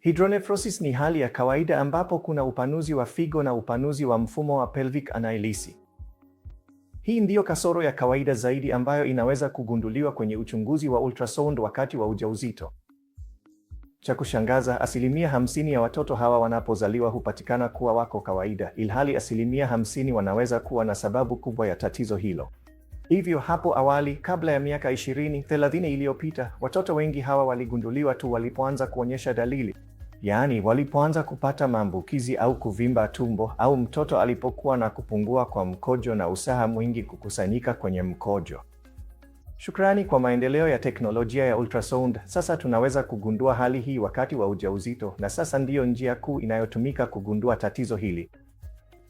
Hidronefrosis ni hali ya kawaida ambapo kuna upanuzi wa figo na upanuzi wa mfumo wa pelvic analisi. Hii ndiyo kasoro ya kawaida zaidi ambayo inaweza kugunduliwa kwenye uchunguzi wa ultrasound wakati wa ujauzito. Cha kushangaza, asilimia hamsini ya watoto hawa wanapozaliwa hupatikana kuwa wako kawaida, ilhali asilimia hamsini wanaweza kuwa na sababu kubwa ya tatizo hilo. Hivyo hapo awali, kabla ya miaka 20 30 iliyopita, watoto wengi hawa waligunduliwa tu walipoanza kuonyesha dalili, yaani walipoanza kupata maambukizi au kuvimba tumbo, au mtoto alipokuwa na kupungua kwa mkojo na usaha mwingi kukusanyika kwenye mkojo. Shukrani kwa maendeleo ya teknolojia ya ultrasound, sasa tunaweza kugundua hali hii wakati wa ujauzito, na sasa ndiyo njia kuu inayotumika kugundua tatizo hili.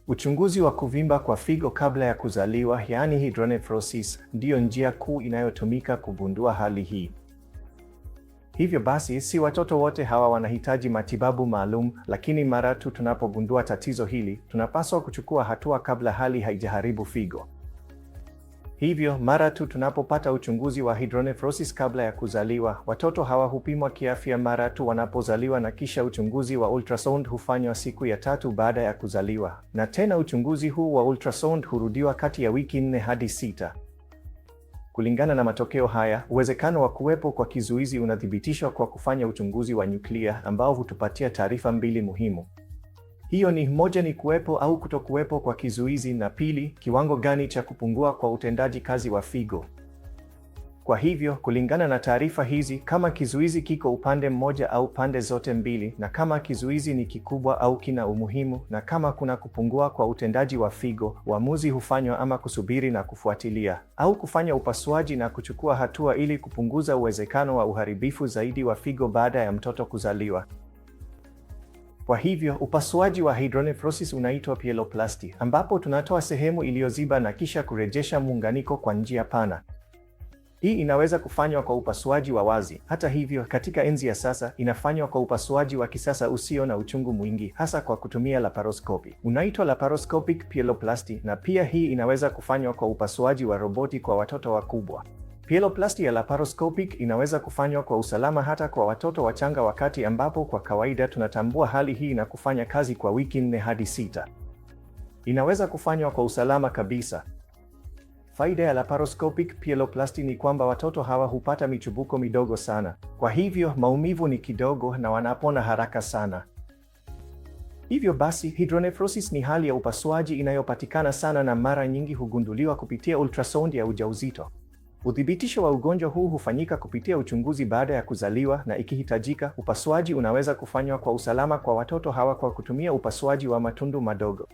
Uchunguzi wa kuvimba kwa figo kabla ya kuzaliwa, yaani hydronephrosis, ndiyo njia kuu inayotumika kugundua hali hii. Hivyo basi, si watoto wote hawa wanahitaji matibabu maalum, lakini mara tu tunapogundua tatizo hili, tunapaswa kuchukua hatua kabla hali haijaharibu figo. Hivyo mara tu tunapopata uchunguzi wa hydronephrosis kabla ya kuzaliwa, watoto hawa hupimwa kiafya mara tu wanapozaliwa, na kisha uchunguzi wa ultrasound hufanywa siku ya tatu baada ya kuzaliwa, na tena uchunguzi huu wa ultrasound hurudiwa kati ya wiki nne hadi sita. Kulingana na matokeo haya, uwezekano wa kuwepo kwa kizuizi unathibitishwa kwa kufanya uchunguzi wa nyuklia ambao hutupatia taarifa mbili muhimu. Hiyo ni moja, ni kuwepo au kutokuwepo kwa kizuizi, na pili, kiwango gani cha kupungua kwa utendaji kazi wa figo. Kwa hivyo, kulingana na taarifa hizi, kama kizuizi kiko upande mmoja au pande zote mbili, na kama kizuizi ni kikubwa au kina umuhimu, na kama kuna kupungua kwa utendaji wa figo, uamuzi hufanywa ama kusubiri na kufuatilia, au kufanya upasuaji na kuchukua hatua ili kupunguza uwezekano wa uharibifu zaidi wa figo baada ya mtoto kuzaliwa. Kwa hivyo upasuaji wa hydronephrosis unaitwa pieloplasti, ambapo tunatoa sehemu iliyoziba na kisha kurejesha muunganiko kwa njia pana. Hii inaweza kufanywa kwa upasuaji wa wazi. Hata hivyo, katika enzi ya sasa inafanywa kwa upasuaji wa kisasa usio na uchungu mwingi, hasa kwa kutumia laparoskopi. Unaitwa laparoscopic pieloplasti, na pia hii inaweza kufanywa kwa upasuaji wa roboti kwa watoto wakubwa. Pieloplasti ya laparoscopic inaweza kufanywa kwa usalama hata kwa watoto wachanga, wakati ambapo kwa kawaida tunatambua hali hii na kufanya kazi kwa wiki nne hadi sita. Inaweza kufanywa kwa usalama kabisa. Faida ya laparoscopic pieloplasti ni kwamba watoto hawa hupata michubuko midogo sana, kwa hivyo maumivu ni kidogo na wanapona haraka sana. Hivyo basi, hydronephrosis ni hali ya upasuaji inayopatikana sana na mara nyingi hugunduliwa kupitia ultrasound ya ujauzito. Uthibitisho wa ugonjwa huu hufanyika kupitia uchunguzi baada ya kuzaliwa na ikihitajika, upasuaji unaweza kufanywa kwa usalama kwa watoto hawa kwa kutumia upasuaji wa matundu madogo.